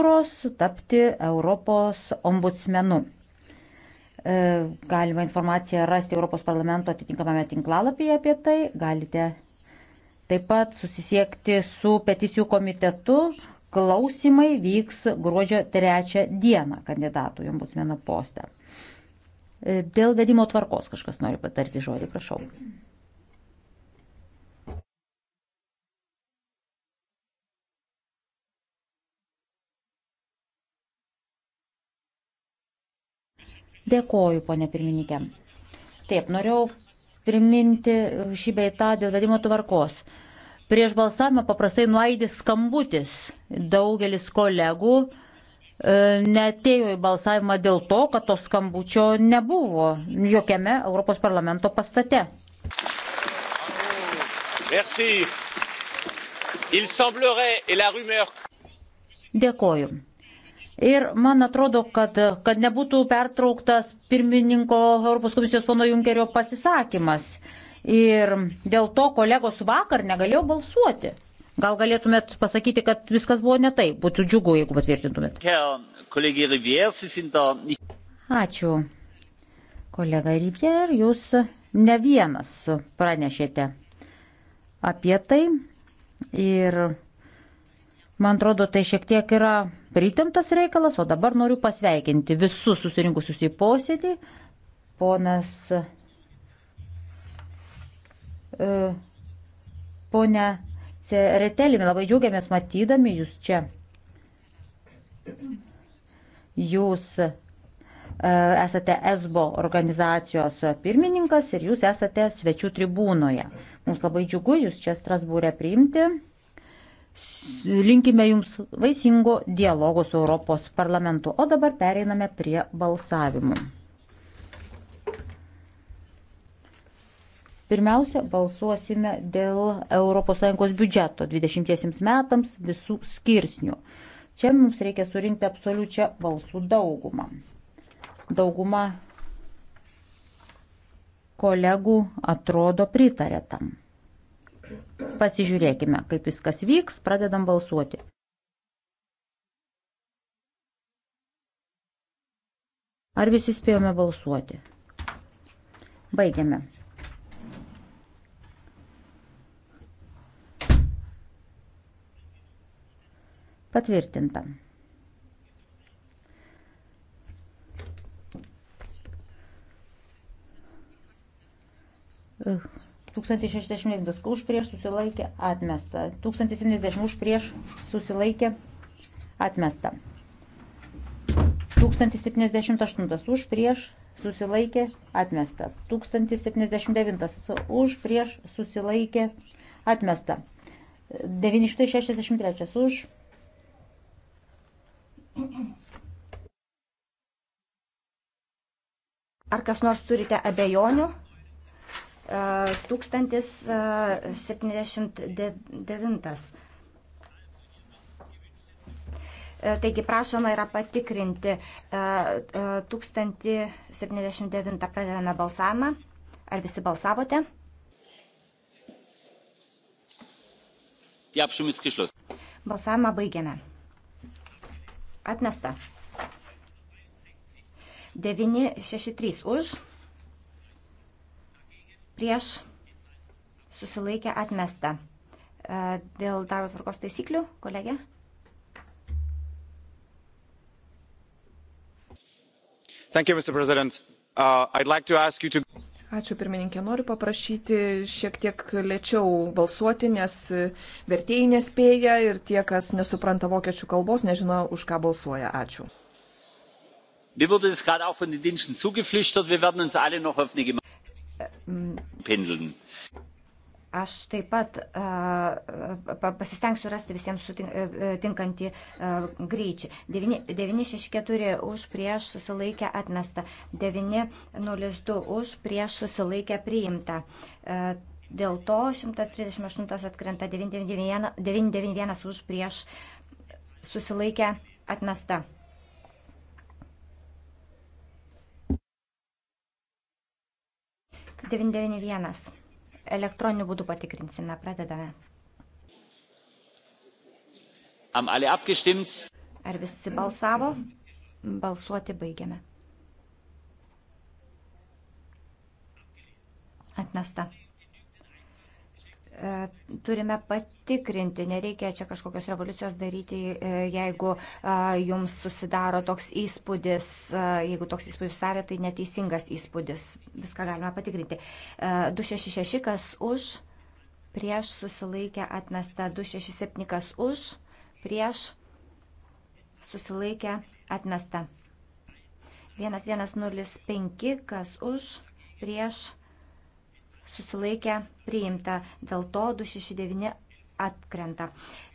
agentūros tapti Europos ombudsmenu. E, galima informaciją rasti Europos parlamento atitinkamame tinklalapyje apie tai. Galite taip pat susisiekti su peticijų komitetu. Klausimai vyks gruodžio 3 dieną kandidatų į ombudsmeno postą. E, dėl vedimo tvarkos kažkas nori patarti žodį, prašau. Dėkoju, ponė pirmininkė. Taip, norėjau priminti šį beitą dėl vedimo tvarkos. Prieš balsavimą paprastai nuaidis skambutis. Daugelis kolegų e, netėjo į balsavimą dėl to, kad to skambučio nebuvo jokiame Europos parlamento pastate. Merci. Il semblerait, et la rumeur. Dėkoju. Ir man atrodo, kad, kad nebūtų pertrauktas pirmininko Europos komisijos pono Junkerio pasisakymas. Ir dėl to kolegos vakar negalėjo balsuoti. Gal galėtumėt pasakyti, kad viskas buvo ne taip. Būtų džiugu, jeigu patvirtintumėt. Ačiū. Kolega Rivier, jūs ne vienas pranešėte apie tai. Ir Man atrodo, tai šiek tiek yra pritemtas reikalas, o dabar noriu pasveikinti visus susirinkusius į posėdį. Ponas. E, Pone Retelimi, labai džiaugiamės matydami jūs čia. Jūs e, esate ESBO organizacijos pirmininkas ir jūs esate svečių tribūnoje. Mums labai džiugu jūs čia Strasbūrė priimti. Linkime Jums vaisingo dialogo su Europos parlamentu. O dabar pereiname prie balsavimų. Pirmiausia, balsuosime dėl ES biudžeto 20 metams visų skirsnių. Čia mums reikia surinkti absoliučią balsų daugumą. Dauguma kolegų atrodo pritarė tam. Pasižiūrėkime, kaip viskas vyks, pradedam balsuoti. Ar visi spėjome balsuoti? Baigiame. Patvirtinta. Ugh. 1060 už prieš susilaikė atmesta. 1070 už prieš susilaikė atmesta. 1078 už prieš susilaikė atmesta. 1079 už prieš susilaikė atmesta. 963 už. Ar kas nors turite abejonių? 1079. E, e, taigi prašoma yra patikrinti 1079 e, pradedame balsavimą. Ar visi balsavote? Balsavimą baigiame. Atmesta. 963 už prieš susilaikė atmesta. E, dėl darbo tvarkos taisyklių, kolegė? You, mr president uh, i'd like to ask you to. Ačiū pirmininkė, noriu paprašyti šiek tiek lėčiau balsuoti, nes vertėjai nespėja ir tie, kas nesupranta vokiečių kalbos, nežino, už ką balsuoja. Ačiū. Mir wurde das gerade auch von den Diensten zugeflüstert. Wir werden uns alle noch öffnen. Pendeln. Aš taip pat uh, pasistengsiu rasti visiems sutink, uh, e, e, tinkantį uh, greičį. 964 už prieš susilaikę atmestą, 902 už prieš susilaikę priimtą. Uh, e, dėl to 138 atkrenta, 991, 991 už prieš susilaikę atmestą. 991. Elektroniniu būdu patikrinsime. Pradedame. Ar visi balsavo? Balsuoti baigiame. Atmesta. E, turime patikrinti, nereikia čia kažkokios revoliucijos daryti, e, jeigu e, jums susidaro toks įspūdis, jeigu toks įspūdis susidarė, tai neteisingas įspūdis, viską galime patikrinti. 266 kas už, prieš susilaikę atmesta, 267 kas už, prieš susilaikę atmesta. 1105 kas už, prieš susilaikę atmesta susilaikė priimta. Dėl to 269 atkrenta.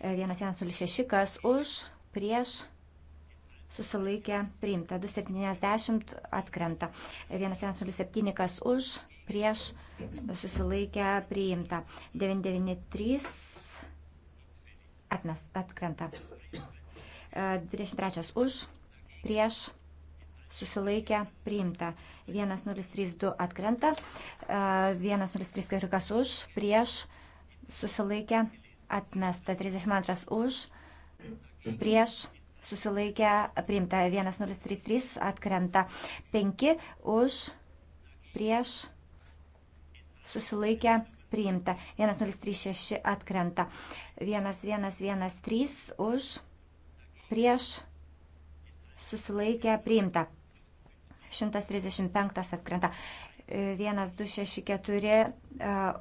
1106 kas už, prieš susilaikė priimta. 270 atkrenta. 1107 kas už, prieš susilaikė priimta. 993 atmes, atkrenta. 23 už, prieš susilaikę priimta. 1032 atkrenta, 1034 e, kas už, prieš susilaikę atmesta, 32 už, prieš susilaikę priimta, 1033 atkrenta, 5 už, prieš susilaikę priimta, 1036 atkrenta, 1113 už, prieš susilaikę priimta. 135 atkrenta. 1, 2, 6, 4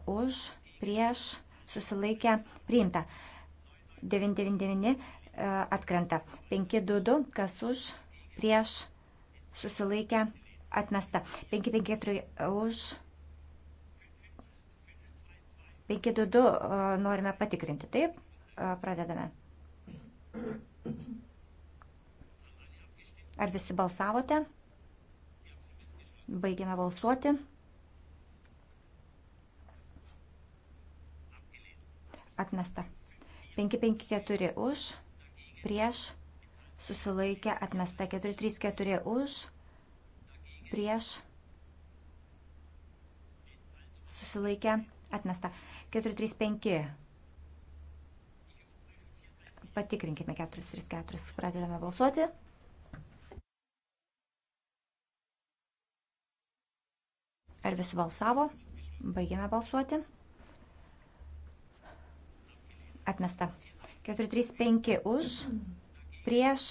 už, prieš, susilaikę, priimta. 999 e, atkrenta. 522, kas už, prieš, susilaikę, atmesta. 554 už. 522 e, norime patikrinti. Taip, e, pradedame. Ar visi balsavote? Baigiame balsuoti. Atmesta. 554 už, prieš, susilaikė, atmesta. 434 už, prieš, susilaikė, atmesta. 435. Patikrinkime 434. Pradedame balsuoti. Ar visi balsavo? Baigiame balsuoti. Atmesta. 435 už, prieš,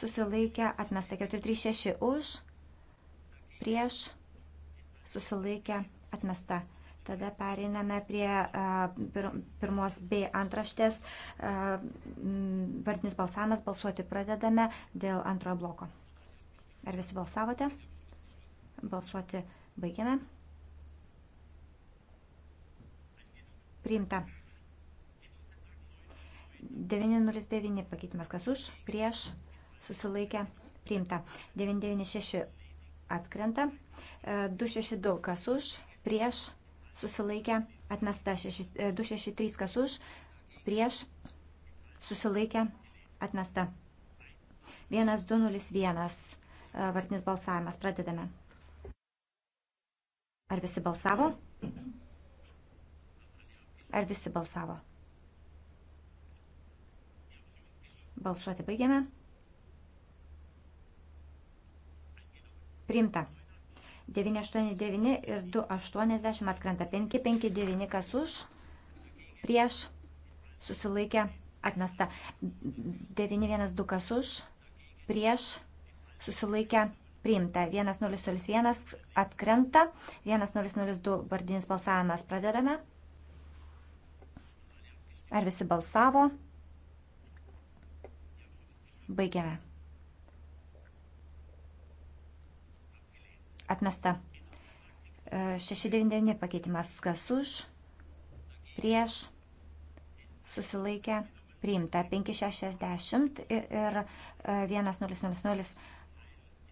susilaikę, atmesta. 436 už, prieš, susilaikę, atmesta. Tada pereiname prie uh, pirmos B antraštės. Uh, Vardinis balsavimas balsuoti pradedame dėl antrojo bloko. Ar visi balsavote? Balsuoti baigiame. Priimta. 909 pakeitimas kas už, prieš, susilaikę, priimta. 996 atkrenta. 262 e, kas už, prieš, susilaikę, atmesta. 263 e, kas už, prieš, susilaikę, atmesta. 1201 e, vartinis balsavimas. Pradedame. Ar visi balsavo? Ar visi balsavo? Balsuoti baigiame. Priimta. 989 ir 280 atkrenta. 559 kas už, prieš, susilaikė, atmesta. 912 kas už, prieš, susilaikė, atmesta priimta. 1001 atkrenta, 1002 vardinis balsavimas pradedame. Ar visi balsavo? Baigiame. Atmesta. 699 e, pakeitimas kas už, prieš, susilaikę, priimta. 560 ir 1000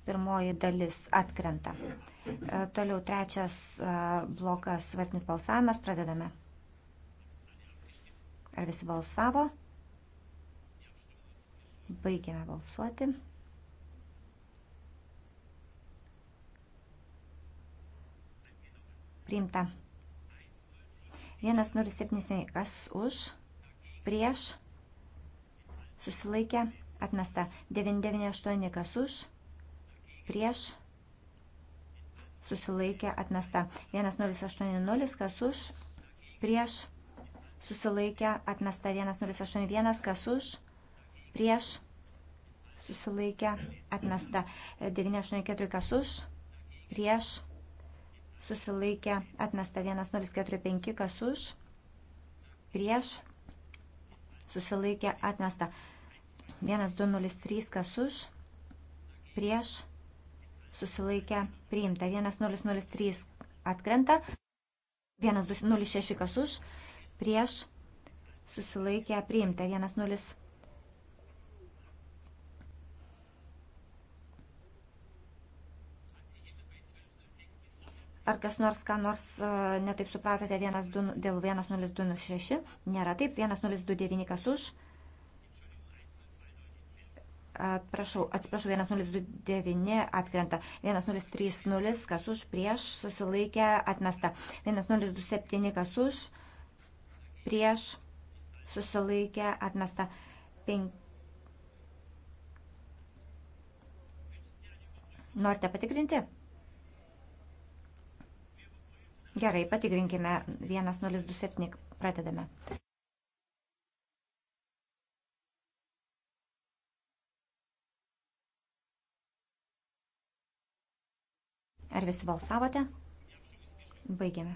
pirmoji dalis atkrenta. E, toliau trečias e, blokas vartinis balsavimas, pradedame. Ar visi balsavo? Baigiame balsuoti. Priimta. 107 kas už, prieš, susilaikė, atmesta. 998 kas už prieš susilaikė atmesta. 1080 kas už, prieš susilaikė atmesta. 1081 kas už, prieš susilaikė atmesta. 984 kas už, prieš susilaikė atmesta. 1045 kas už, prieš susilaikė atmesta. 1203 kas už, prieš susilaikė atmesta susilaikę priimta. 1003 atkrenta. 1206 kas už, prieš susilaikę priimta. 10 Ar kas nors, ką nors e, netaip supratote 1, 2, dėl 1026? Nėra taip. 1029 kas už, Atprašau, atsiprašau, 1029 atkrenta, 1030 kas už, prieš susilaikę atmesta, 1027 kas už, prieš susilaikę atmesta, 5. Norite patikrinti? Gerai, patikrinkime 1027, pradedame. Ar visi balsavote? Baigiame.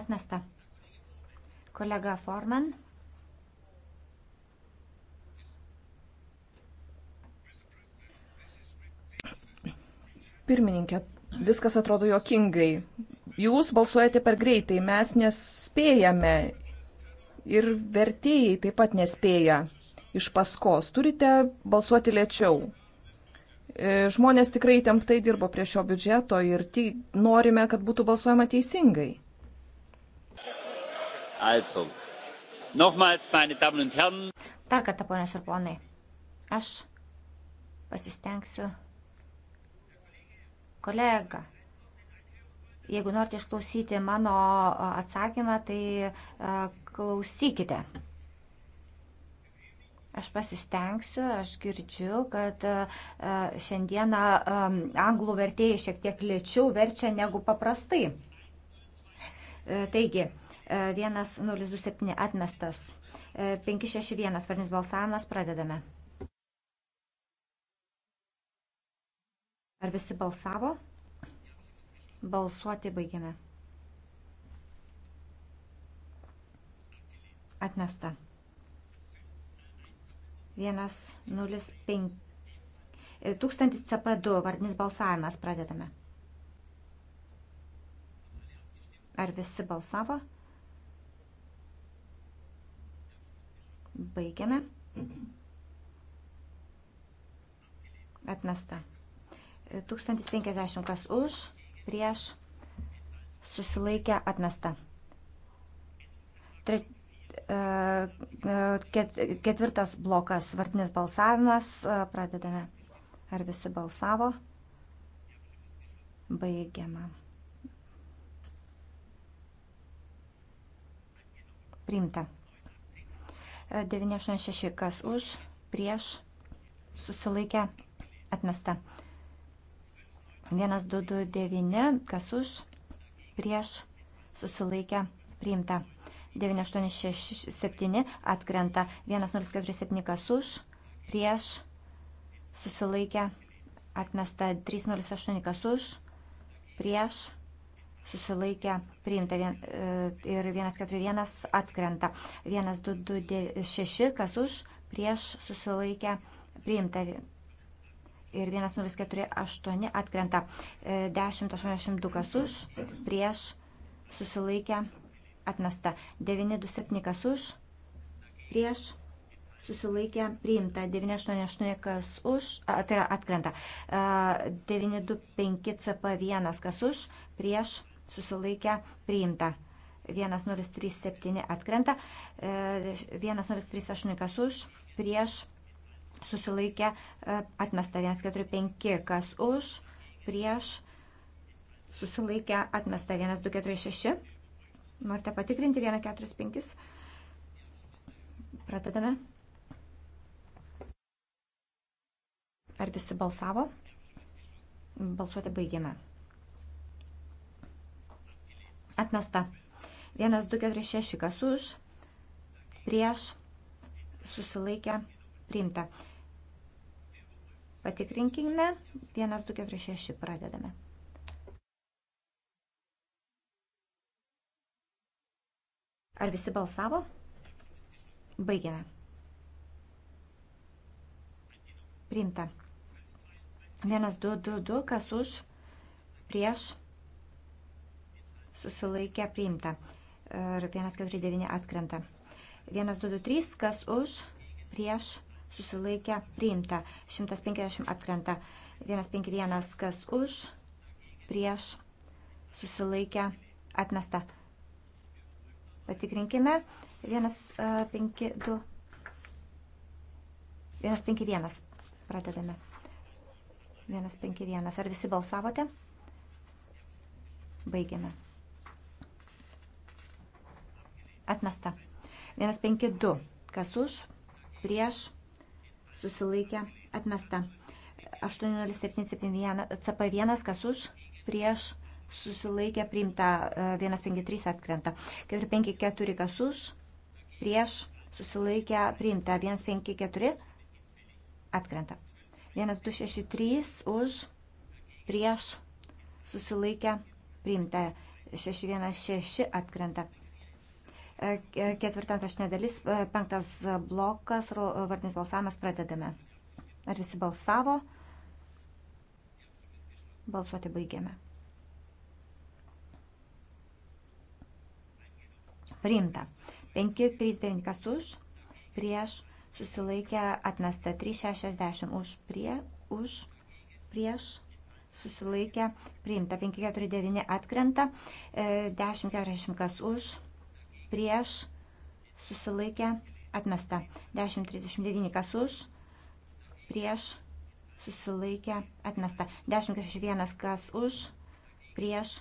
Atmesta. Kolega Forman. Pirmininkė, viskas atrodo jokingai. Jūs balsuojate per greitai, mes nespėjame ir vertėjai taip pat nespėja iš paskos. Turite balsuoti lėčiau. E, žmonės tikrai temptai dirbo prie šio biudžeto ir norime, kad būtų balsuojama teisingai. Also, nochmals, meine Damen und Herren. Dar kartą, ponios ir ponai, aš pasistengsiu. Kolega, jeigu norite išklausyti mano atsakymą, tai e, klausykite. Aš pasistengsiu, aš girdžiu, kad e, šiandieną e, anglų vertėjai šiek tiek lėčiau verčia negu paprastai. E, taigi, 107 atmestas, 561 varnis balsavimas, pradedame. Ar visi balsavo? Balsuoti baigiame. Atmesta. 105. 1000 CP2 vardinis balsavimas pradedame. Ar visi balsavo? Baigiame. Atmesta. 1050 e, kas už, prieš, susilaikę, atmesta. E, e, ketvirtas blokas, vartinis balsavimas, e, pradedame. Ar visi balsavo? Baigiama. Priimta. 986 kas už, prieš, susilaikę, atmesta. 1229 kas už, prieš, susilaikę, priimta. 987 atkrenta 1047 kas už, prieš susilaikę atmesta 308 kas už, prieš susilaikę priimta e, ir 141 atkrenta 1226 kas už, prieš susilaikę priimta ir 1048 atkrenta 1082 e, kas už, prieš susilaikę priimta atmesta. 927 kas už, prieš, susilaikė, priimta. 988 kas už, a, tai yra atkrenta. 925 CP1 kas už, prieš, susilaikė, priimta. 1037 atkrenta, 1038 e, e, kas už, prieš, susilaikė, atmesta 145 kas už, prieš, susilaikė, atmesta 1246 Norite patikrinti 145? Pradedame. Ar visi balsavo? Balsuoti baigiame. Atmesta. 1, 2, 4, 6, kas už, prieš, susilaikę, priimta. Patikrinkime. 1, 2, 4, 6, pradedame. Ar visi balsavo? Baigiame. Priimta. 1, 2, 2, 2, kas už, prieš, susilaikė, priimta. Ir 1, 4, 9 atkrenta. 1, 2, 2, 3, kas už, prieš, susilaikė, priimta. 150 atkrenta. 1, 5, 1, kas už, prieš, susilaikė, atmesta. Patikrinkime. 152. 151. E, Pradedame. 151. Ar visi balsavote? Baigiame. Atmesta. 152. Kas už? Prieš? Susilaikę? Atmesta. 80771. CP1. Kas už? Prieš? susilaikė priimta 153 e, atkrenta. 454 kas už, prieš susilaikė priimta 154 atkrenta. 1263 už, prieš susilaikė priimta 616 atkrenta. E, e, ketvirta antrašinė dalis, penktas blokas, vardinis balsavimas pradedame. Ar visi balsavo? Balsuoti baigiame. priimta. 539 kas už, prieš, susilaikė atmesta 360 už, prie, už, prieš, susilaikė priimta 549 atkrenta, 1040 e, kas už, prieš, susilaikė atmesta 1039 kas už, prieš, susilaikė atmesta 1041 kas už, prieš,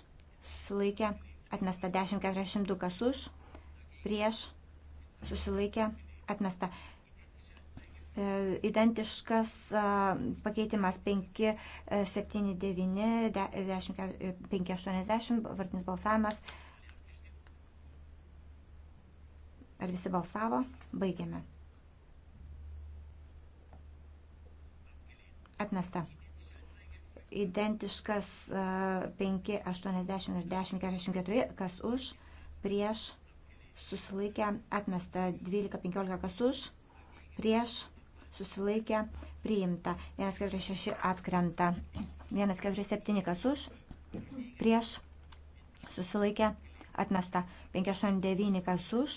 susilaikė atmesta 1042 kas už prieš susilaikė atmesta. E, identiškas e, pakeitimas 579, 580, vartinis balsavimas. Ar visi balsavo? Baigiame. Atmesta. Identiškas 580 e, ir 1044, kas už, prieš susilaikę atmesta 12-15 kas už, prieš susilaikę priimta 146 atkrenta 147 kas už, prieš susilaikę atmesta 589 kas už,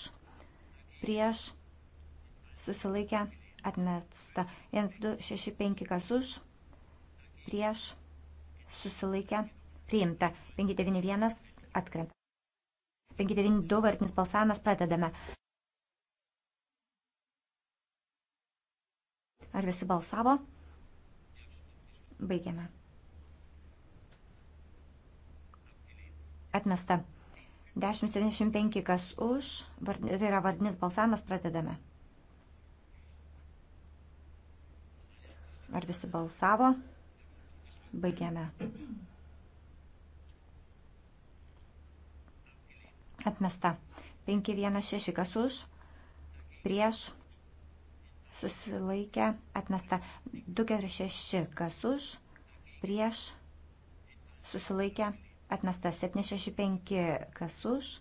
prieš susilaikę atmesta 1265 kas už, prieš susilaikę priimta 591 atkrenta. 592 vartinis balsavimas pradedame. Ar visi balsavo? Baigiame. Atmesta. 1075 kas už, tai yra vardinis balsavimas, pradedame. Ar visi balsavo? Baigiame. atmesta. 516 kas už, prieš, susilaikę, atmesta. 246 kas už, prieš, susilaikę, atmesta. 765 kas už,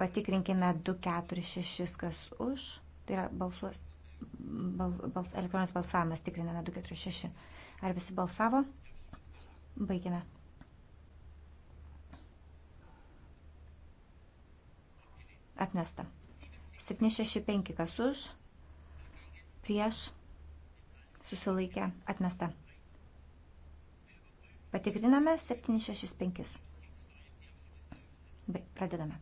patikrinkime 246 kas už, tai yra balsuos, bal, bals, elektroninis balsavimas, tikriname 246. Ar visi balsavo? Baigime. Atmesta. 765 kas už, prieš, susilaikė, atmesta. Patikriname 765. Baig, pradedame.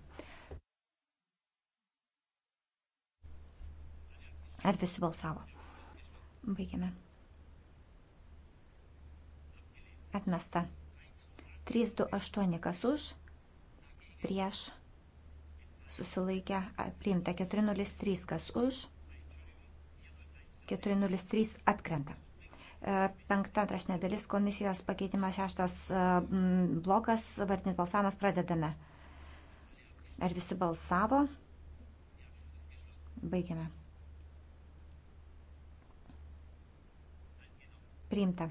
Ar visi balsavo? Baigiame. Atmesta. 328 kas už, prieš, susilaikė susilaikę priimta 403, kas už 403 atkrenta. E, penkta antrašinė dalis komisijos pakeitimas šeštas e, blokas, vartinis balsavimas pradedame. Ar visi balsavo? Baigiame. Priimta.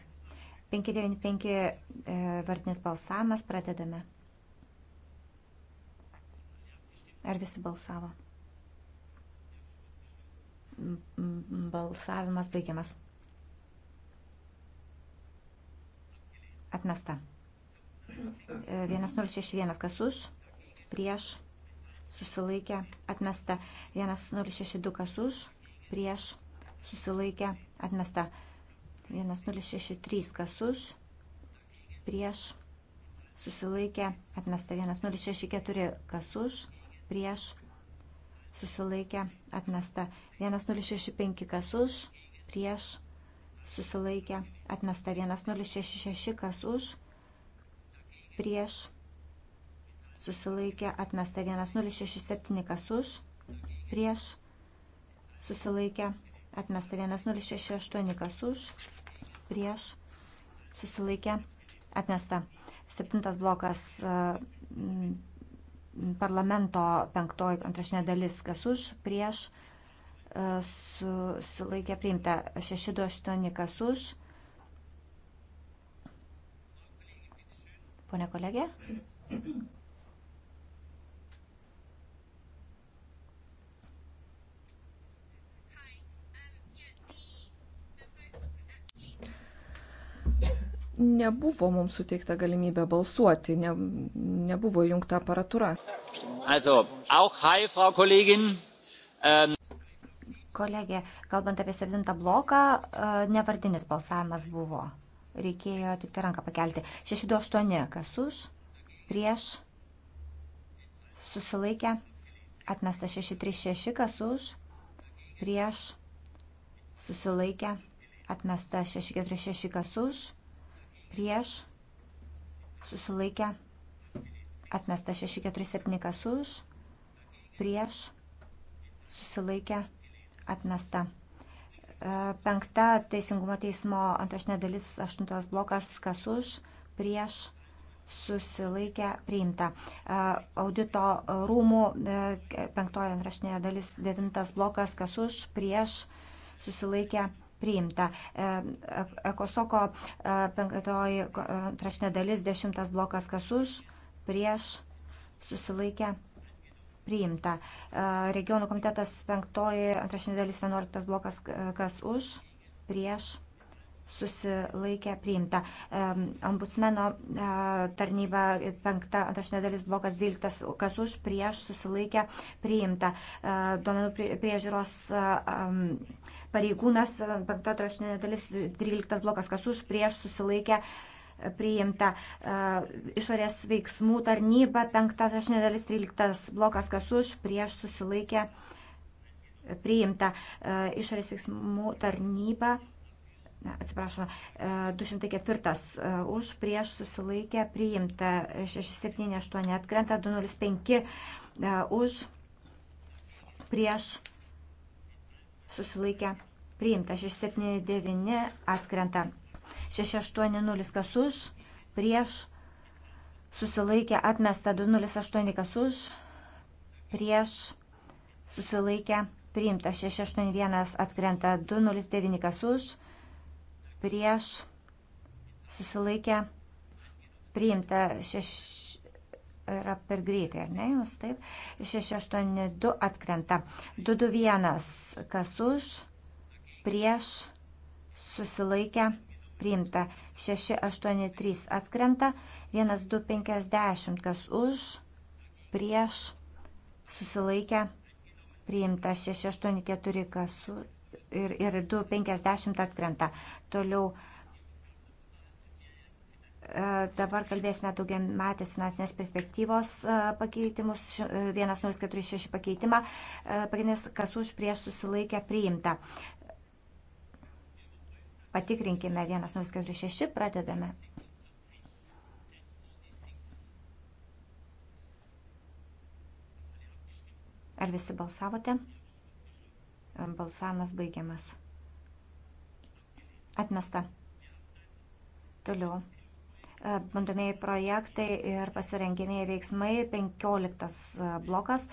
595 e, vardinis balsavimas pradedame. Ar visi balsavo? Balsavimas baigiamas. Atmesta. 1061. E, Kas už? Prieš. Susilaikė. Atmesta. 1062. Kas už? Prieš. Susilaikė. Atmesta. 1063. Kas už? Prieš. Susilaikė. Atmesta. 1064. Kas už? prieš susilaikė atmesta. 1065 kas už, prieš susilaikė atmesta. 1066 kas už, prieš susilaikė atmesta. 1067 kas už, prieš susilaikė atmesta. 1068 kas už, prieš susilaikė atmesta. Septintas blokas parlamento penktoji antrašinė dalis, kas už, prieš, e, susilaikė priimta 628, kas už. Pone kolegė? nebuvo mums suteikta galimybė balsuoti, ne, nebuvo jungta aparatūra. Also, auch hi, Frau Kollegin. Um... Kolegė, kalbant apie septintą bloką, e, nevardinis balsavimas buvo. Reikėjo tik tai ranką pakelti. 628, kas už, prieš, susilaikė, atmesta 636, kas už, prieš, susilaikė, atmesta 646, kas už prieš, susilaikę, atmesta 647, kas už, prieš, susilaikę, atmesta. E, penkta teisingumo teismo antrašinė dalis, aštuntas blokas, kas už, prieš, susilaikę priimta. E, audito rūmų e, penktoji antrašinė dalis, devintas blokas, kas už, prieš, susilaikę priimta priimta. E, e, Ekosoko e, penktoji trašinė dalis, dešimtas blokas kas už, prieš, susilaikę. Priimta. Regionų komitetas penktoji, antrašinė dalis, vienuoliktas blokas, kas už, prieš, susilaikė priimta. Ombudsmeno tarnyba penkta antrašinė dalis blokas 12, kas už prieš susilaikė priimta. Duomenų priežiūros pareigūnas, e, penktotrašinė dalis 13 blokas, kas už prieš susilaikė priimta e, išorės veiksmų tarnyba, penktotrašinė dalis 13 blokas, kas už prieš susilaikė priimta e, išorės veiksmų tarnyba. Na, atsiprašoma, 204 už prieš susilaikė priimta 678 atkrenta 205 už prieš susilaikė susilaikė priimta. 679 atkrenta. 680 kas už, prieš susilaikė atmesta 208 kas už, prieš susilaikė priimta 681 atkrenta 209 kas už, prieš susilaikė priimta 6 yra per greitai, ar ne jums taip? 682 atkrenta. 221, kas už, prieš, susilaikę, priimta. 683 atkrenta. 1250, kas už, prieš, susilaikę, priimta. 684, kas už. Ir, ir 250 atkrenta. Toliau E, dabar kalbėsime daugiamatės finansinės perspektyvos e, pakeitimus, 1046 e, pakeitimą, pagrindinis kas už prieš susilaikę priimta. Patikrinkime 1046, pradedame. Ar visi balsavote? Balsavimas baigiamas. Atmesta. Toliau bandomieji projektai ir pasirengimieji veiksmai, 15 e, blokas.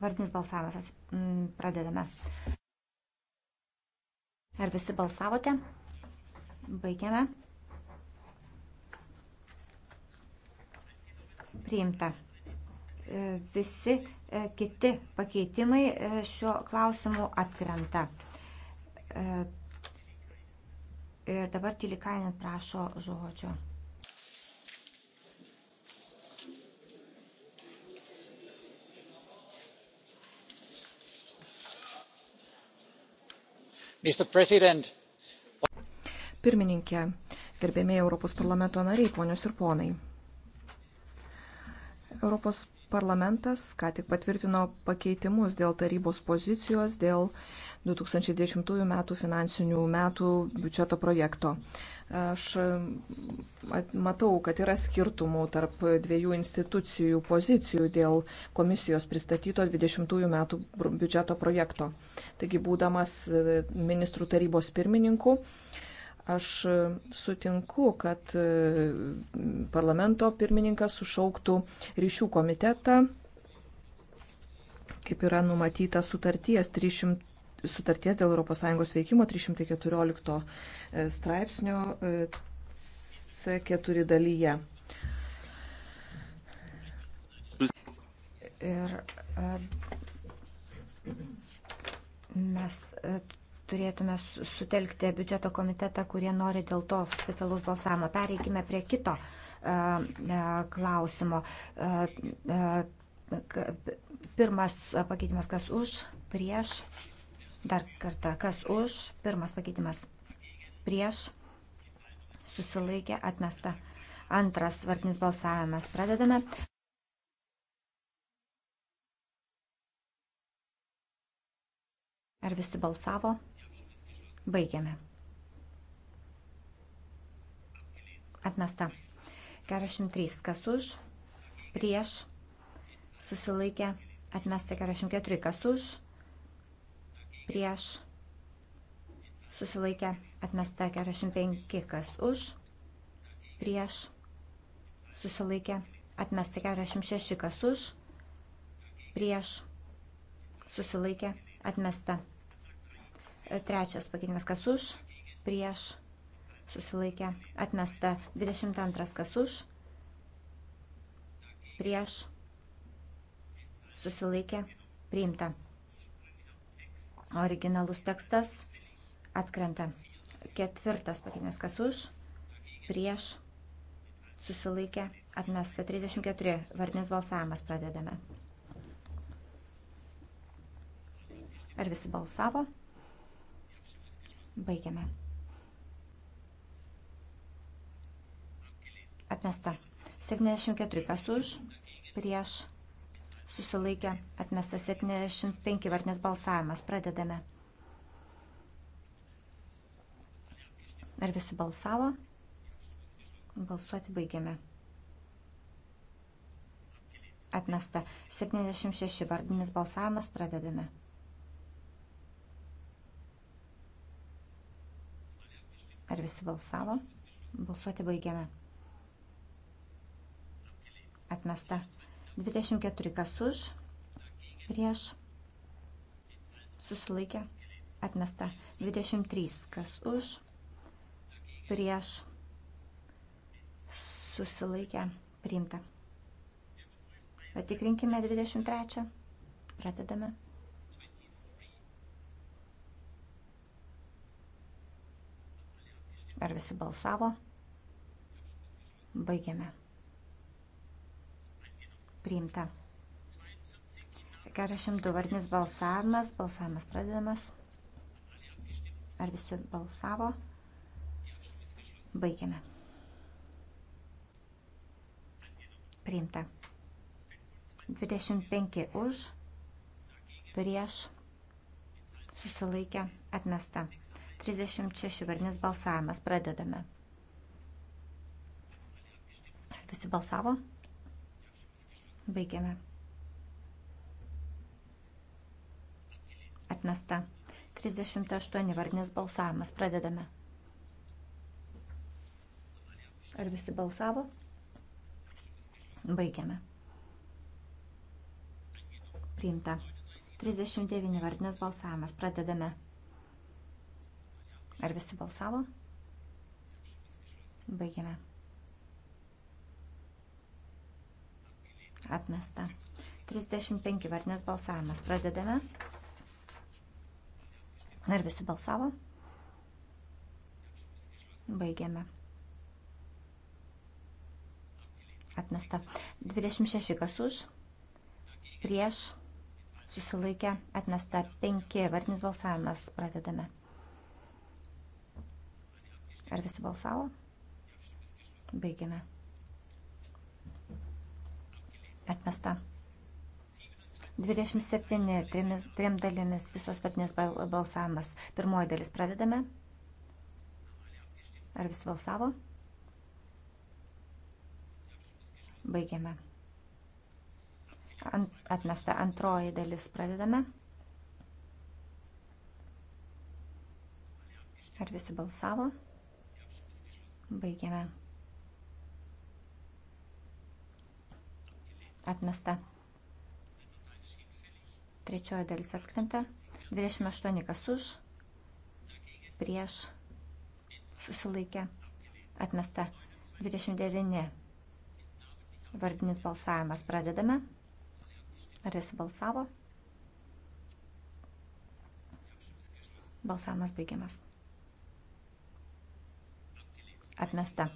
Vardinis balsavimas mm, pradedame. Ar visi balsavote? Baigiame. Priimta. E, visi e, kiti pakeitimai šiuo klausimu atkrenta. Ir dabar Tilikainen prašo žodžio. Pirmininkė, gerbėmiai Europos parlamento nariai, ponios ir ponai. Europos parlamentas ką tik patvirtino pakeitimus dėl tarybos pozicijos, dėl uh, 2010 m. finansinių metų biudžeto projekto. Aš matau, kad yra skirtumų tarp dviejų institucijų pozicijų dėl komisijos pristatyto 20 m. biudžeto projekto. Taigi, būdamas e, ministrų tarybos pirmininku, aš sutinku, kad e, parlamento pirmininkas sušauktų ryšių komitetą, kaip yra numatyta sutarties 300, sutarties dėl ES veikimo 314 e, straipsnio e, C4 dalyje. Ir e, mes turėtume sutelkti biudžeto komitetą, kurie nori dėl to specialus balsavimo. Pereikime prie kito klausimo. Pirmas pakeitimas, kas už, prieš Dar kartą, kas už, pirmas pakeitimas prieš, susilaikė, atmesta. Antras vartinis balsavimas. Pradedame. Ar visi balsavo? Baigiame. Atmesta. 43. Kas už? Prieš. Susilaikė. Atmesta 44. Kas už? prieš susilaikė atmesta 45, kas už, prieš susilaikė atmesta 46, kas už, prieš susilaikė atmesta. Trečias pakeitimas, kas už, prieš susilaikė atmesta 22, kas už, prieš susilaikė priimta. Originalus tekstas atkrenta. Ketvirtas pakeitimas kas už, prieš, susilaikė, atmesta. 34 vardinis balsavimas pradedame. Ar visi balsavo? Baigiame. Atmesta. 74 kas už, prieš, susilaikė atmestas 75 vardinis balsavimas. Pradedame. Ar visi balsavo? Balsuoti baigiame. Atmesta 76 vardinis balsavimas. Pradedame. Ar visi balsavo? Balsuoti baigiame. Atmesta 76. 24 kas už, prieš, susilaikė, atmesta. 23 kas už, prieš, susilaikė, priimta. Patikrinkime 23. Pradedame. Ar visi balsavo? Baigiame priimta. 42 vardinis balsavimas, balsavimas pradedamas. Ar visi balsavo? Baigiame. Priimta. 25 už, prieš, susilaikę, atmesta. 36 vardinis balsavimas, pradedame. Visi balsavo? Baigiame. Atmesta. 38 vardinis balsavimas. Pradedame. Ar visi balsavo? Baigiame. Priimta. 39 vardinės balsavimas. Pradedame. Ar visi balsavo? Baigiame. Atmesta. 35 vardinės balsavimas. Pradedame. Ar visi balsavo? Baigiame. Atmesta. 26 kas už. Prieš. Susilaikę. Atmesta. 5 vardinis balsavimas. Pradedame. Ar visi balsavo? Baigiame atmesta. 27, trimis, trim dalimis visos vardinės balsavimas. Pirmoji dalis pradedame. Ar visi balsavo? Baigiame. Ant, atmesta antroji dalis pradedame. Ar visi balsavo? Baigiame. atmesta. Trečioji dalis atkrenta. 28 kas už, prieš, susilaikė, atmesta. 29 vardinis balsavimas pradedame. Ar jis balsavo? Balsavimas baigiamas. Atmesta.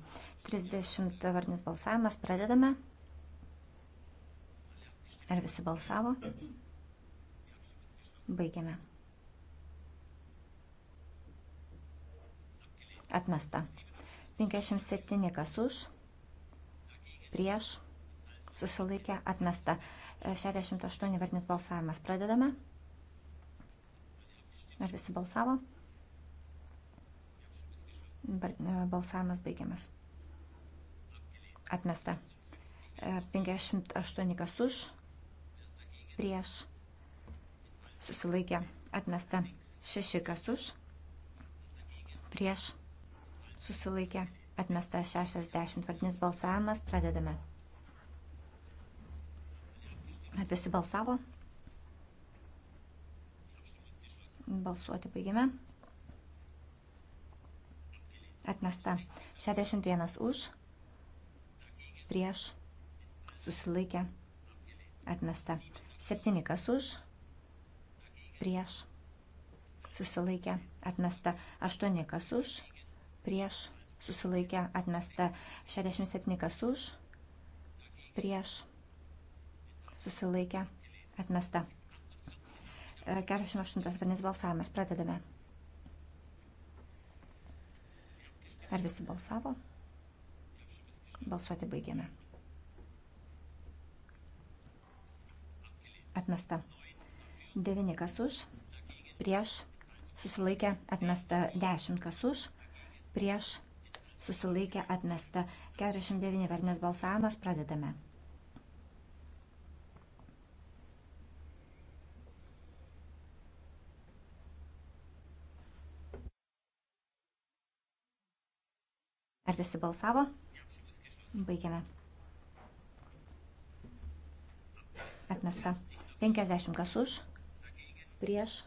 30 vardinis balsavimas pradedame. Ar visi balsavo? Baigiame. Atmesta. 57 kas už, prieš, susilaikė, atmesta. 68 vertinis balsavimas. Pradedame. Ar visi balsavo? E, balsavimas baigiamas. Atmesta. 58 e, kas už, prieš susilaikė atmesta 6 kas už, prieš susilaikė atmesta 60 vardinis balsavimas, pradedame. Ar visi balsavo? Balsuoti baigėme. Atmesta 61 už, prieš susilaikė atmesta 7 kas už, prieš, susilaikę, atmesta 8 kas už, prieš, susilaikę, atmesta 67 kas už, prieš, susilaikę, atmesta. 48 e, varnis balsavimas, pradedame. Ar visi balsavo? Balsuoti baigėme. atmesta. 9 kas už, prieš, susilaikė atmesta. 10 kas už, prieš, susilaikė atmesta. 49 varnės balsavimas, pradedame. Ar visi balsavo? Baigiame. Atmesta. 50 kas už, prieš,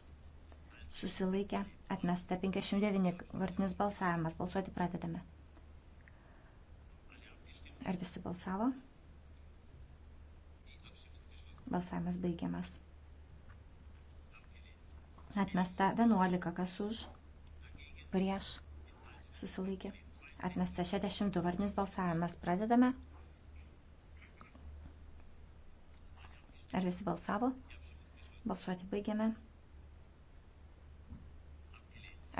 susilaikę, atmesta. 59 vardinis balsavimas. Balsuoti pradedame. Ar visi balsavo? Balsavimas baigiamas. Atmesta 11, kas už, prieš, susilaikė. Atmesta 62 vardinis balsavimas. Pradedame. Ar visi balsavo? Balsuoti baigiame.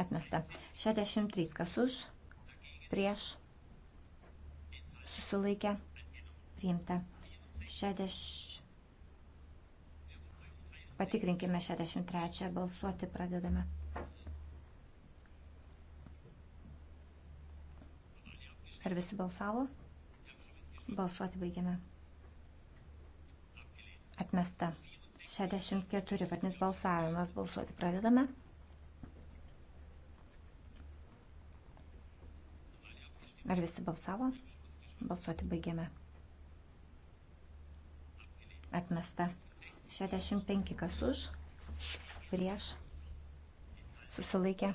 Atmesta. 63. Kas už? Prieš. Susilaikę. Priimta. 60. Patikrinkime 63. Balsuoti pradedame. Ar visi balsavo? Balsuoti baigiame. Atmesta. 64 vadinis balsavimas. Balsuoti pradedame. Ar visi balsavo? Balsuoti baigėme. Atmesta. 65 kas už, prieš, susilaikė.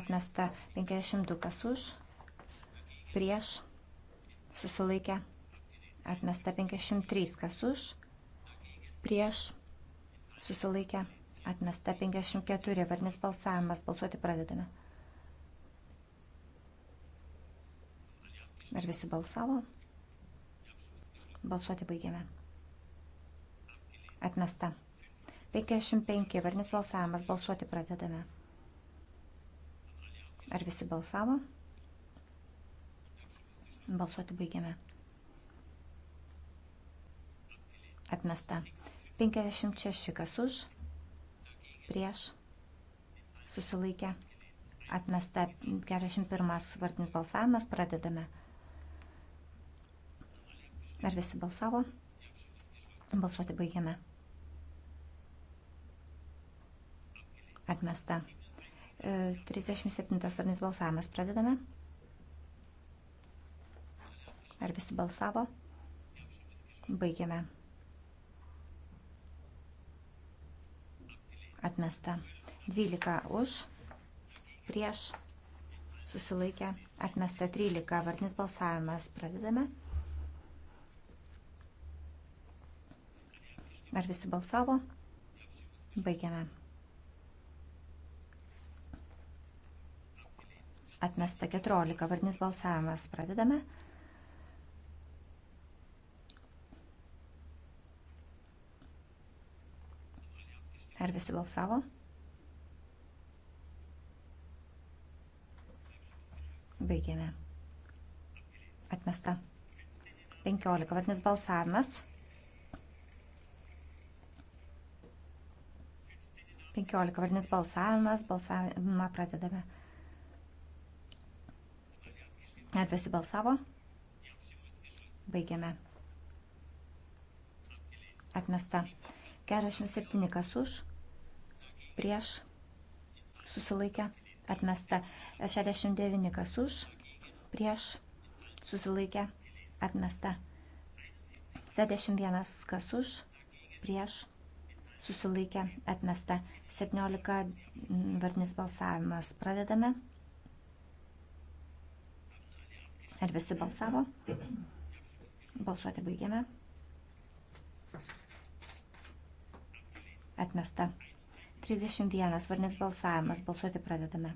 Atmesta 52 kas už, prieš, susilaikė. Atmesta 53 kas už, prieš susilaikę atmesta 54 varnis balsavimas. Balsuoti pradedame. Ar visi balsavo? Balsuoti baigėme. Atmesta. 55 varnis balsavimas. Balsuoti pradedame. Ar visi balsavo? Balsuoti baigėme. atmesta. 56 kas už, prieš, susilaikė, atmesta. 41 vardinis balsavimas, pradedame. Ar visi balsavo? Balsuoti baigiame. Atmesta. 37 e, vardinis balsavimas, pradedame. Ar visi balsavo? Baigiame. atmesta. 12 už, prieš, susilaikė, atmesta 13. Vardinis balsavimas. Pradedame. Ar visi balsavo? Baigiame. Atmesta 14. Vardinis balsavimas. Pradedame. Pradedame. Ar visi balsavo? Baigėme. Atmesta. 15. Vadinis balsavimas. 15. Vardinis balsavimas. Balsavimą pradedame. Ar visi balsavo? Baigiame. Atmesta. 47. Kas už? prieš, susilaikė, atmesta. 69 kas už, prieš, susilaikė, atmesta. 71 kas už, prieš, susilaikė, atmesta. 17 mm, vardinis balsavimas. Pradedame. Ar visi balsavo? Balsuoti baigiame. Atmesta. 31. Varnis balsavimas. Balsuoti pradedame.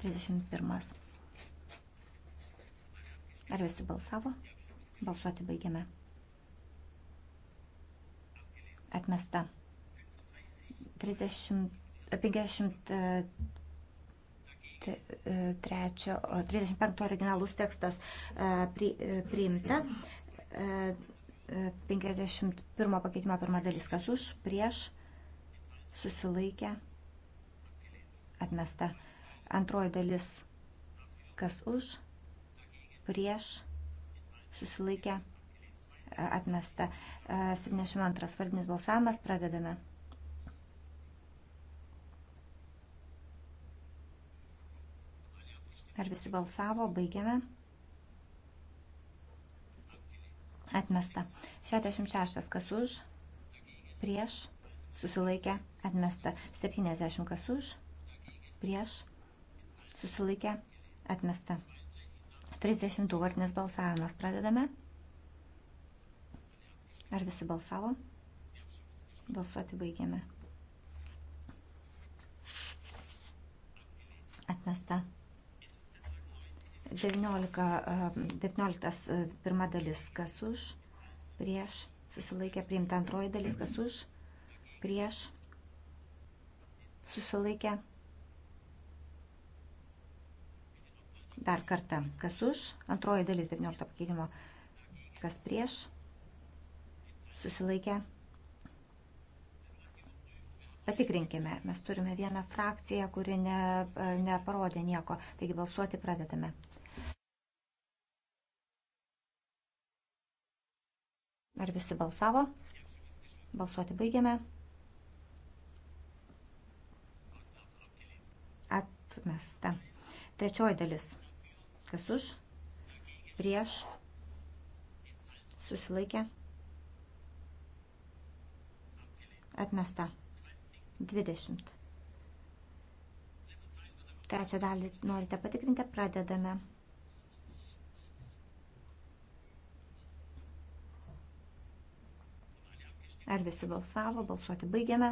31. Ar visi balsavo? Balsuoti baigiame. Atmesta. 30, 53, 35 originalus tekstas e, e, priimta. E, 51 pakeitimo pirma dalis, kas už, prieš, susilaikę, atmesta. Antroji dalis, kas už, prieš, susilaikę, atmesta. 72 vardinis balsavimas, pradedame. Ar visi balsavo, baigiame. atmesta. 66 kas už, prieš, susilaikė, atmesta. 70 kas už, prieš, susilaikė, atmesta. 32 vardinis balsavimas. Pradedame. Ar visi balsavo? Balsuoti baigėme. Atmesta. 19, 19 pirma dalis, kas už, prieš, susilaikė priimta antroji dalis, kas už, prieš, susilaikė. Dar kartą, kas už, antroji dalis 19 pakeitimo, kas prieš, susilaikė. Patikrinkime, mes turime vieną frakciją, kuri ne, neparodė nieko, taigi balsuoti pradedame. Ar visi balsavo? Balsuoti baigiame. Atmesta. Trečioji dalis. Kas už? Prieš? Susilaikė? Atmesta. 20. Trečią dalį norite patikrinti, pradedame. Ar visi balsavo? Balsuoti baigiame.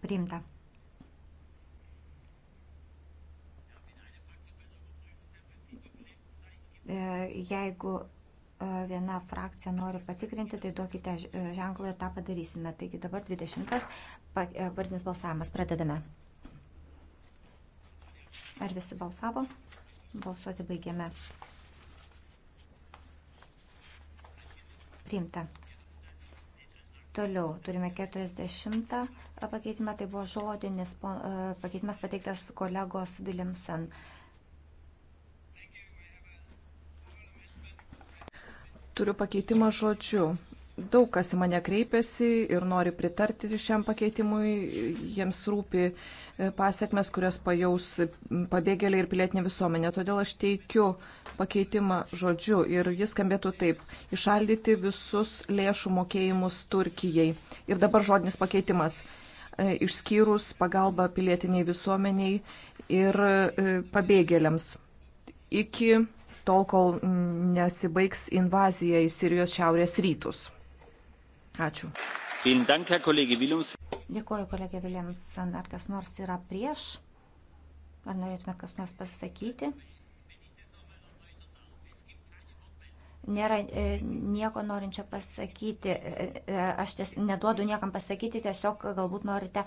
Priimta. E, jeigu e, viena frakcija nori patikrinti, tai duokite e, ženklą ir tą padarysime. Taigi dabar 20. Vardinis balsavimas. Pradedame. Ar visi balsavo? Balsuoti baigiame. Priimta. Toliau turime 40 pakeitimą, tai buvo žodinis e, pakeitimas pateiktas kolegos Williamson. Turiu pakeitimą žodžiu daug kas į mane kreipiasi ir nori pritarti šiam pakeitimui, jiems rūpi e, pasiekmes, kurias pajaus pabėgėliai ir pilietinė visuomenė. Todėl aš teikiu pakeitimą žodžiu ir jis skambėtų taip - išaldyti visus lėšų mokėjimus Turkijai. Ir dabar žodinis pakeitimas e, - išskyrus pagalbą pilietiniai visuomeniai ir e, pabėgėliams. Iki tol, kol nesibaigs invazija į Sirijos šiaurės rytus. Ačiū. Dėkuoju, kolegė Viljams. Ar kas nors yra prieš? Ar norėtumėt kas nors pasisakyti? nėra e, nieko norinčio pasakyti, e, e, aš ties, neduodu niekam pasakyti, tiesiog galbūt norite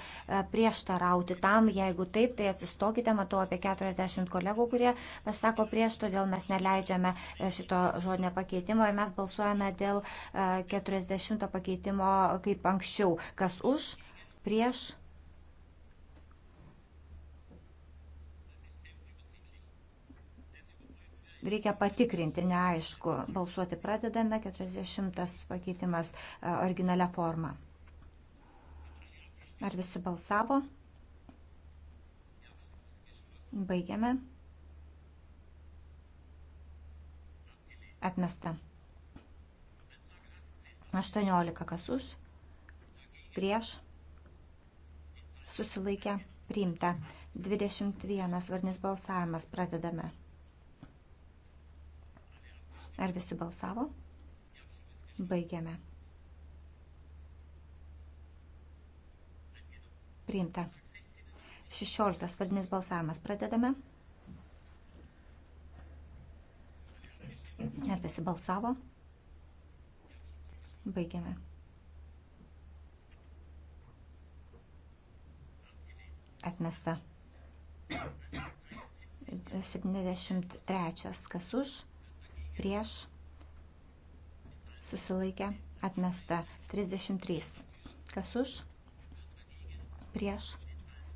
prieštarauti tam, jeigu taip, tai atsistokite, matau apie 40 kolegų, kurie pasako prieš, todėl mes neleidžiame šito žodinio pakeitimo ir mes balsuojame dėl 40 pakeitimo kaip anksčiau. Kas už, prieš, reikia patikrinti, neaišku. Balsuoti pradedame, 40 pakeitimas e, originalią formą. Ar visi balsavo? Baigiame. Atmesta. 18 kas už, prieš, susilaikę, priimta. 21 varnis balsavimas, pradedame. Ar visi balsavo? Baigiame. Priimta. 16. Vardinis balsavimas. Pradedame. Ar visi balsavo? Baigiame. Atmesta. 73. Kas už? prieš, susilaikė, atmesta. 33. Kas už, prieš,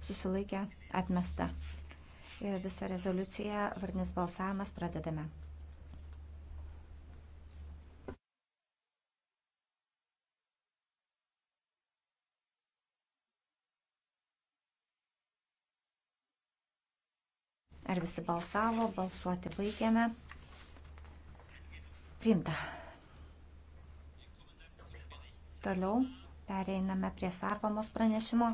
susilaikė, atmesta. Ir visą rezoliuciją vardinis balsavimas pradedame. Ar visi balsavo? Balsuoti baigiame. Priimta. Toliau pereiname prie sarvamos pranešimo.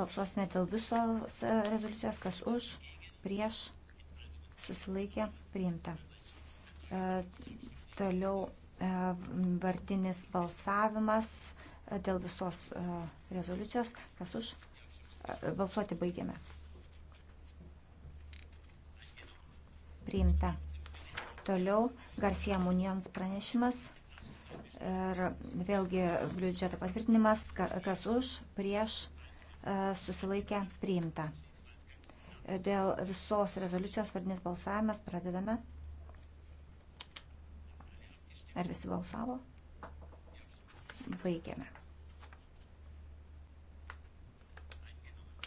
Balsuosime dėl visos e, rezoliucijos, kas už, prieš, susilaikė, priimta. E, toliau e, vardinis balsavimas e, dėl visos e, rezoliucijos, kas už, e, balsuoti baigiame. priimta. Toliau Garcia Munions pranešimas ir vėlgi biudžeto patvirtinimas, kas už, prieš, e, susilaikę, priimta. Dėl visos rezoliucijos vardinės balsavimas pradedame. Ar visi balsavo? Baigiame.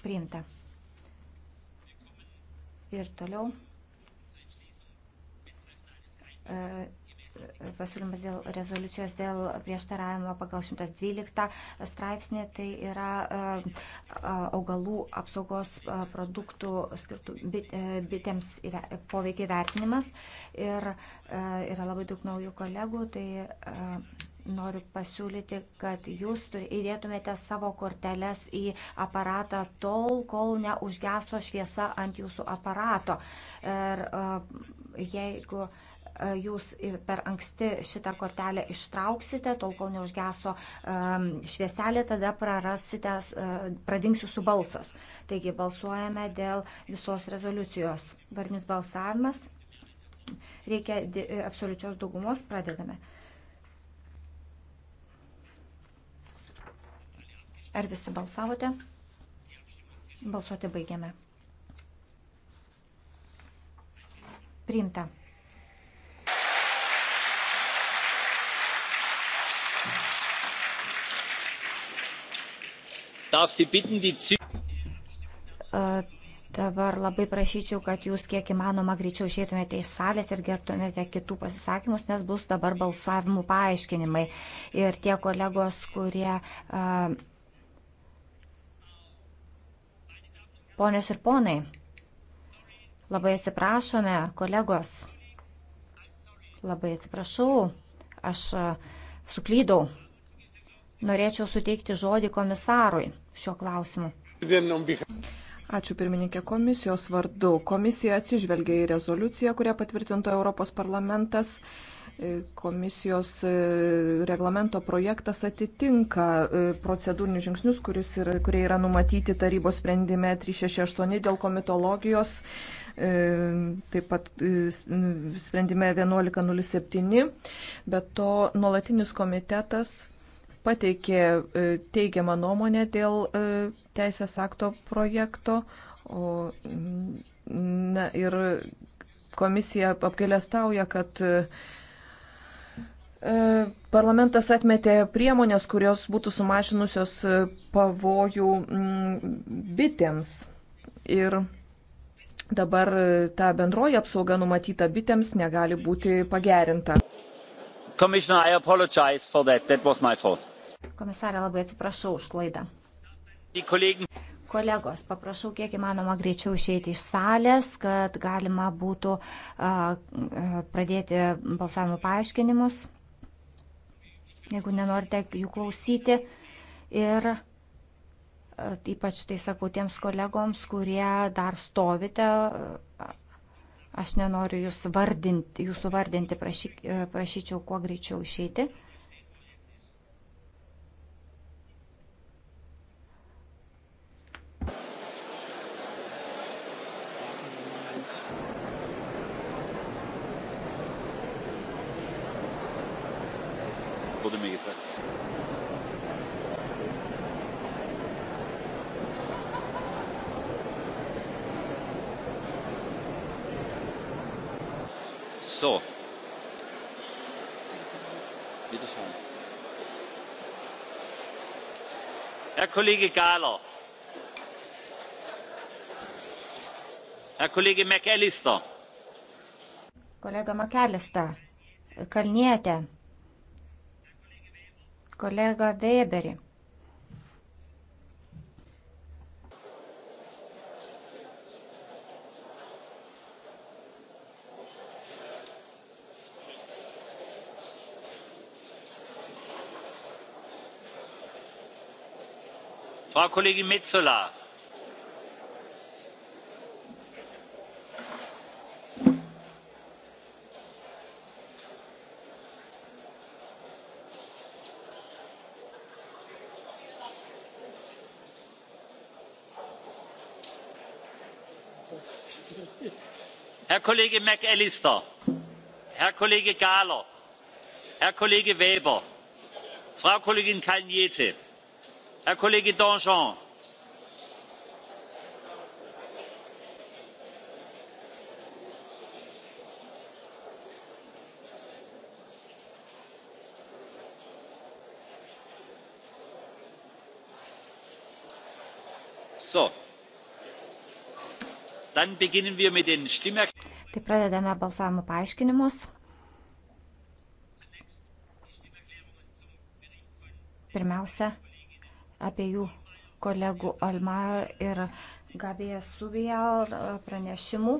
Priimta. Ir toliau. E, pasiūlymas dėl rezoliucijos dėl prieštaravimo pagal 112 straipsnį, tai yra e, augalų apsaugos e, produktų skirtų bitėms poveikiai vertinimas. Ir yra labai daug naujų kolegų, tai noriu pasiūlyti, kad jūs įdėtumėte savo korteles į aparatą tol, kol neužgeso šviesa ant jūsų aparato. Ir jeigu uh, E, jūs per anksti šitą kortelę ištrauksite, tol kol neužgeso e, švieselė, tada prarasite, e, pradings jūsų balsas. Taigi balsuojame dėl visos rezoliucijos. Varnis balsavimas. Reikia absoliučios daugumos, pradedame. Ar visi balsavote? Balsuoti baigiame. Priimta. Dabar labai prašyčiau, kad jūs kiek įmanoma greičiau išėtumėte iš salės ir gerbtumėte kitų pasisakymus, nes bus dabar balsavimų paaiškinimai. Ir tie kolegos, kurie. Uh, ponios ir ponai, labai atsiprašome, kolegos. Labai atsiprašau, aš uh, suklydau norėčiau suteikti žodį komisarui šiuo klausimu. Ačiū pirmininkė komisijos vardu. Komisija atsižvelgia į rezoliuciją, kurią patvirtinto Europos parlamentas komisijos e, reglamento projektas atitinka e, procedūrinius žingsnius, ir, kurie yra numatyti tarybos sprendime 368 dėl komitologijos, e, taip pat sprendime 1107. Bet to nuolatinis komitetas pateikė e, teigiamą nuomonę dėl e, teisės akto projekto o, na, ir komisija apgailestauja, kad e, Parlamentas atmetė priemonės, kurios būtų sumažinusios pavojų mm, bitėms. Ir dabar ta bendroji apsauga numatyta bitėms negali būti pagerinta. Commissioner, I apologize for that. That was my fault. Komisarė, labai atsiprašau už klaidą. Kolegos, paprašau kiek įmanoma greičiau išeiti iš salės, kad galima būtų uh, pradėti balsavimo paaiškinimus, jeigu nenorite jų klausyti. Ir uh, ypač tai sakau tiems kolegoms, kurie dar stovite. Uh, Aš nenoriu jūs vardinti, jūsų vardinti, prašy, prašyčiau kuo greičiau išeiti. So. Bitte schön. Herr Kollege Gahler. Herr Kollege McAllister. Kolega McAllister. Kalnietė. Kolega Weberi. kollegin metsola. herr kollege mcallister herr kollege gahler herr kollege weber frau kollegin kalniete herr kollege danjean! So. Dann beginnen wir mit den Stimmerklärungen. Tai pradedame balsavimo paaiškinimus. Pirmiausia, abiejų kolegų Almar ir Gabija Subijal pranešimų.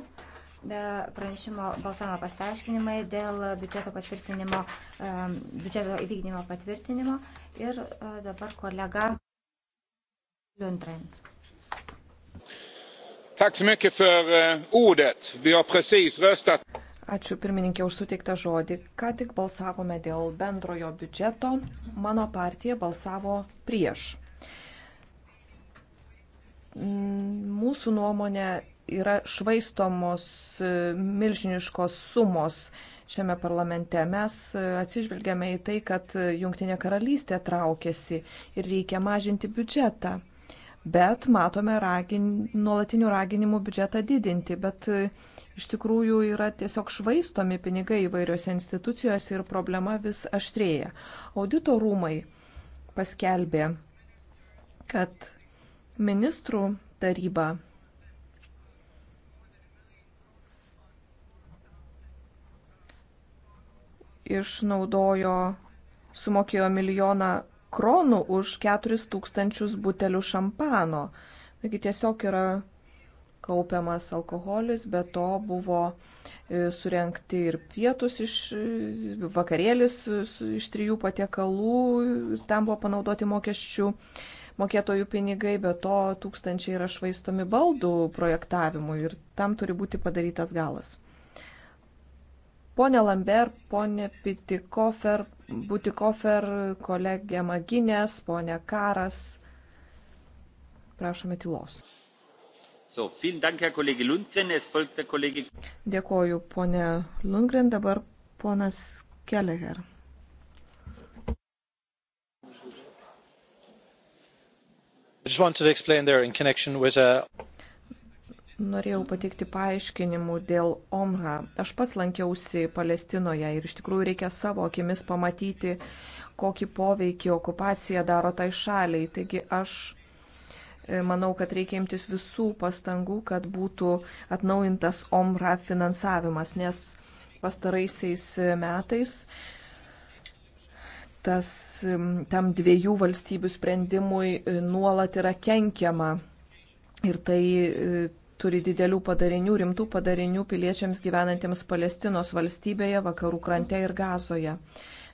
Pranešimo balsavimo pasiaiškinimai dėl biudžeto patvirtinimo, biudžeto įvykdymo patvirtinimo ir e, dabar kolega Lundgren. Tack så mycket för eh, ordet. Vi har precis röstat. Ačiū pirmininkė už suteiktą žodį. Ką tik balsavome dėl bendrojo biudžeto. Mano partija balsavo prieš. Mm, mūsų nuomonė yra švaistomos e, milžiniškos sumos šiame parlamente. Mes e, atsižvelgiame į tai, kad e, Junktinė karalystė traukiasi ir reikia mažinti biudžetą. Bet matome ragin, nuolatinių raginimų biudžetą didinti, bet iš tikrųjų yra tiesiog švaistomi pinigai įvairiose institucijose ir problema vis aštrėja. Audito rūmai paskelbė, kad Ministrų taryba išnaudojo, sumokėjo milijoną kronų už 4000 butelių šampano. Taigi tiesiog yra kaupiamas alkoholis, be to buvo e, surenkti ir pietus iš e, vakarėlis iš trijų patiekalų ir tam buvo panaudoti mokesčių mokėtojų pinigai, be to tūkstančiai yra švaistomi baldų projektavimui ir tam turi būti padarytas galas. Pone Lambert, pone Pitikofer, Butikofer, kolegė Maginės, pone Karas, prašome tylos. So, dank, Lundgren, Dėkoju, ponė Lundgren, dabar ponas Keleher. Uh, Norėjau pateikti paaiškinimų dėl Omra. Aš pats lankiausi Palestinoje ir iš tikrųjų reikia savo akimis pamatyti, kokį poveikį okupacija daro tai šaliai. Taigi aš e, manau, kad reikia imtis visų pastangų, kad būtų atnaujintas OMRA finansavimas, nes pastaraisiais metais tas, tam dviejų valstybių sprendimui e, nuolat yra kenkiama. Ir tai e, turi didelių padarinių, rimtų padarinių piliečiams gyvenantiems Palestinos valstybėje, vakarų krante ir gazoje.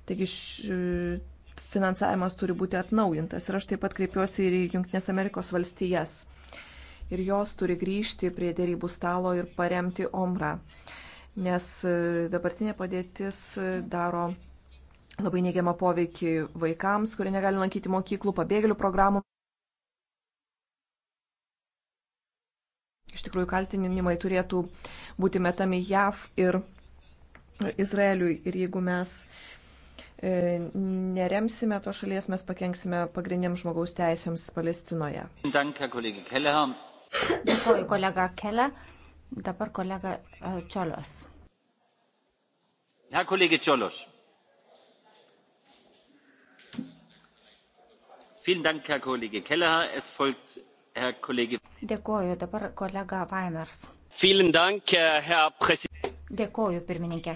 Taigi š, e, finansavimas turi būti atnaujintas. Ir aš taip pat kreipiuosi ir į Junktinės Amerikos valstijas. Ir jos turi grįžti prie dėrybų stalo ir paremti Omrą. Nes dabartinė padėtis daro labai neigiamą poveikį vaikams, kurie negali lankyti mokyklų, pabėgėlių programų. Iš tikrųjų, kaltinimai turėtų būti metami JAV ir Izraeliui. Ir jeigu mes e, neremsime to šalies, mes pakenksime pagrindiniam žmogaus teisėms Palestinoje. Dėkuoju, kolega Kele. Dabar kolega e, Čiolios. Herr Kollege Čiolios. Dėkoju dabar kolega Vaimers. Dėkoju pirmininkė.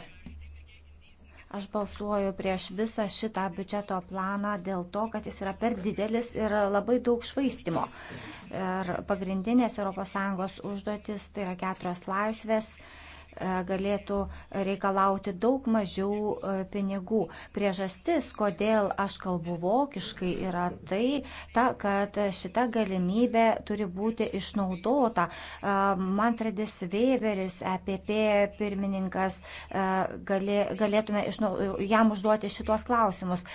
Aš balsuoju prieš visą šitą biudžeto planą dėl to, kad jis yra per didelis ir labai daug švaistimo. Ir pagrindinės ES užduotis tai yra keturios laisvės E, galėtų reikalauti daug mažiau e, pinigų. Priežastis, kodėl aš kalbu vokiškai, yra tai, ta, kad šita galimybė turi būti išnaudota. E, Mantradis Weberis, EPP pirmininkas, galė, galėtume išnau, jam užduoti šitos klausimus.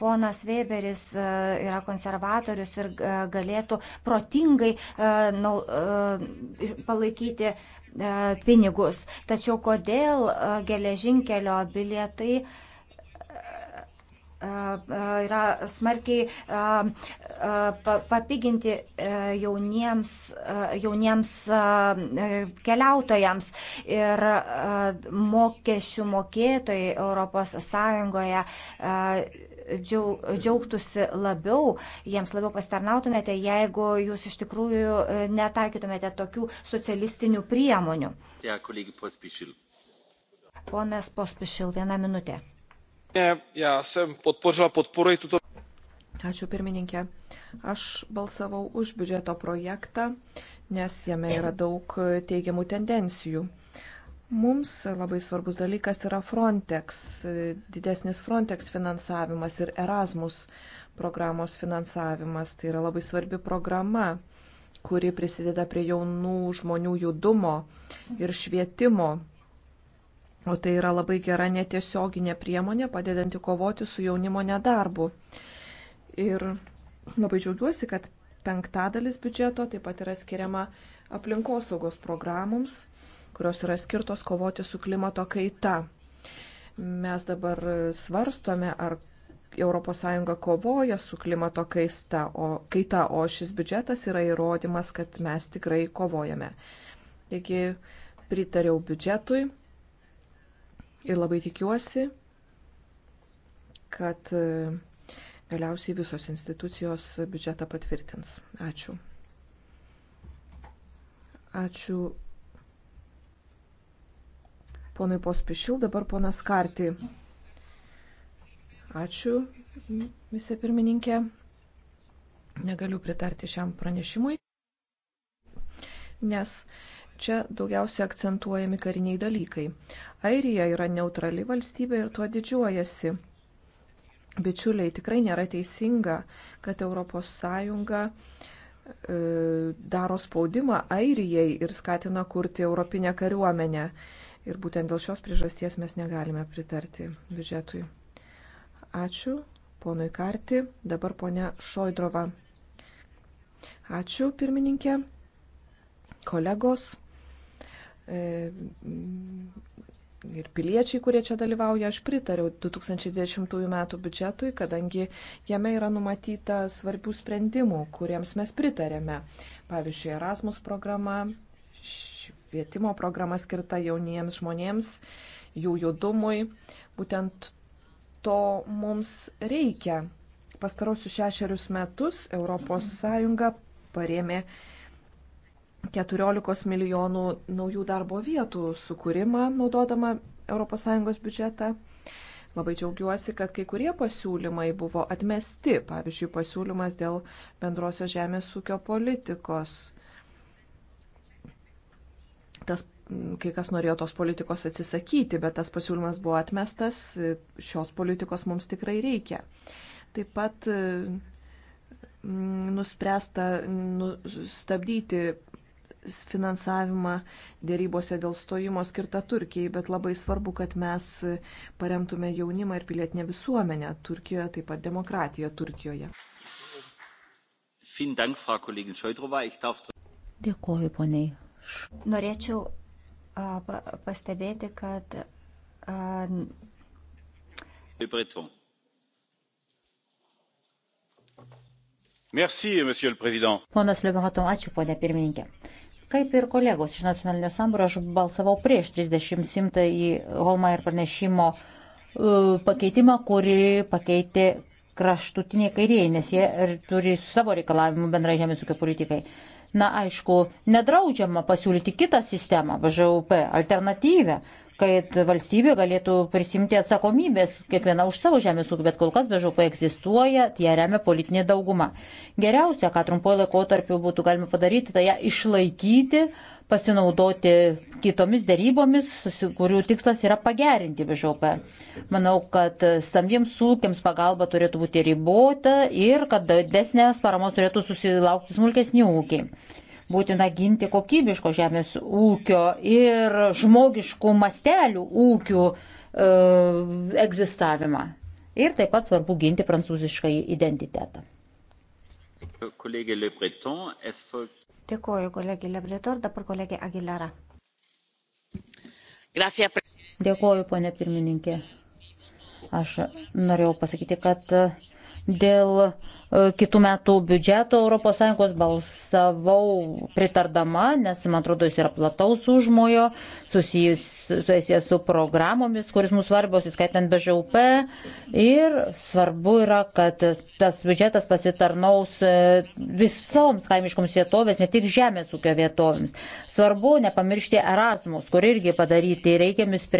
Ponas Weberis yra konservatorius ir galėtų protingai nau, palaikyti E, pinigus. Tačiau kodėl e, geležinkelio bilietai e, yra smarkiai papiginti jauniems, jauniems keliautojams ir mokesčių mokėtojai ES džiaugtųsi labiau, jiems labiau pasitarnautumėte, jeigu jūs iš tikrųjų e, netaikytumėte tokių socialistinių priemonių. Ja, pospišil. Ponas Pospišil, viena minutė. Ja, tuto... Ačiū pirmininkė. Aš balsavau už biudžeto projektą, nes jame yra daug teigiamų tendencijų. Mums labai svarbus dalykas yra Frontex, didesnis Frontex finansavimas ir Erasmus programos finansavimas. Tai yra labai svarbi programa, kuri prisideda prie jaunų žmonių judumo ir švietimo. O tai yra labai gera netiesioginė priemonė padedanti kovoti su jaunimo nedarbu. Ir labai džiaugiuosi, kad penktadalis biudžeto taip pat yra skiriama aplinkosaugos programoms kurios yra skirtos kovoti su klimato kaita. Mes dabar svarstome, ar ES kovoja su klimato kaista, o, kaita, o šis biudžetas yra įrodymas, kad mes tikrai kovojame. Taigi pritariau biudžetui ir labai tikiuosi, kad e, galiausiai visos institucijos biudžetą patvirtins. Ačiū. Ačiū ponui Pospišil, dabar ponas Karti. Ačiū, visi pirmininkė. Negaliu pritarti šiam pranešimui, nes čia daugiausia akcentuojami kariniai dalykai. Airija yra neutrali valstybė ir tuo didžiuojasi. Bičiuliai, tikrai nėra teisinga, kad ES e, daro spaudimą Airijai ir skatina kurti Europinę kariuomenę. Ir būtent dėl šios priežasties mes negalime pritarti biudžetui. Ačiū, ponui Karti. Dabar ponia Šoidrova. Ačiū, pirmininkė. Kolegos e, mm, ir piliečiai, kurie čia dalyvauja, aš pritariau 2020 m. biudžetui, kadangi jame yra numatyta svarbių sprendimų, kuriems mes pritarėme. Pavyzdžiui, Erasmus programa, švietimo programa skirta jauniems žmonėms, jų judumui. Būtent to mums reikia. Pastarosius šešerius metus ES parėmė 14 milijonų naujų darbo vietų sukūrimą naudodama ES biudžetą. Labai džiaugiuosi, kad kai kurie pasiūlymai buvo atmesti, pavyzdžiui, pasiūlymas dėl bendrosios žemės ūkio politikos tas, kai kas norėjo tos politikos atsisakyti, bet tas pasiūlymas buvo atmestas, šios politikos mums tikrai reikia. Taip pat e, nuspręsta stabdyti finansavimą dėrybose dėl stojimo skirtą Turkijai, bet labai svarbu, kad mes paremtume jaunimą ir pilietinę visuomenę Turkijoje, taip pat demokratiją Turkijoje. Dėkuoju, poniai Norėčiau pastebėti, kad. Merci, monsieur le président. Ponas Lebreton, ačiū, ponė pirmininkė. Kaip ir kolegos iš nacionalinio sambūro, aš balsavau prieš 30 į Holmaier pranešimo e, pakeitimą, kurį pakeitė kraštutiniai kairieji, nes jie turi savo reikalavimų bendrai žemės ūkio politikai. Na, aišku, nedraudžiama pasiūlyti kitą sistemą, BŽUP, alternatyvę, kad valstybė galėtų prisimti atsakomybės kiekviena už savo žemės ūkį, bet kol kas bežaupai egzistuoja, jie remia politinė dauguma. Geriausia, ką trumpojo laikotarpiu būtų galima padaryti, tai ją išlaikyti, pasinaudoti kitomis dėrybomis, kurių tikslas yra pagerinti BŽP. Manau, kad stambiems ūkiams pagalba turėtų būti ribota ir kad didesnės paramos turėtų susilaukti smulkesni ūkiai. Būtina ginti kokybiško žemės ūkio ir žmogiškų mastelių ūkių e, egzistavimą. Ir taip pat svarbu ginti prancūziškai identitetą. Kolegė Le Breton, esfo... Dėkuoju, kolegė Le Breton, dabar kolegė Aguilera. Gracias. Dėkuoju, ponė pirmininkė. Aš norėjau pasakyti, kad uh, Dėl e, kitų metų biudžeto ES balsavau pritardama, nes, man atrodo, jis yra plataus užmojo, susijęs su, su programomis, kuris mūsų svarbios, įskaitant BŽUP. Ir svarbu yra, kad tas biudžetas pasitarnaus e, visoms kaimiškoms vietovės, ne tik žemės ūkio vietovėms. Svarbu nepamiršti Erasmus, kur irgi padaryti reikiamis sprendimus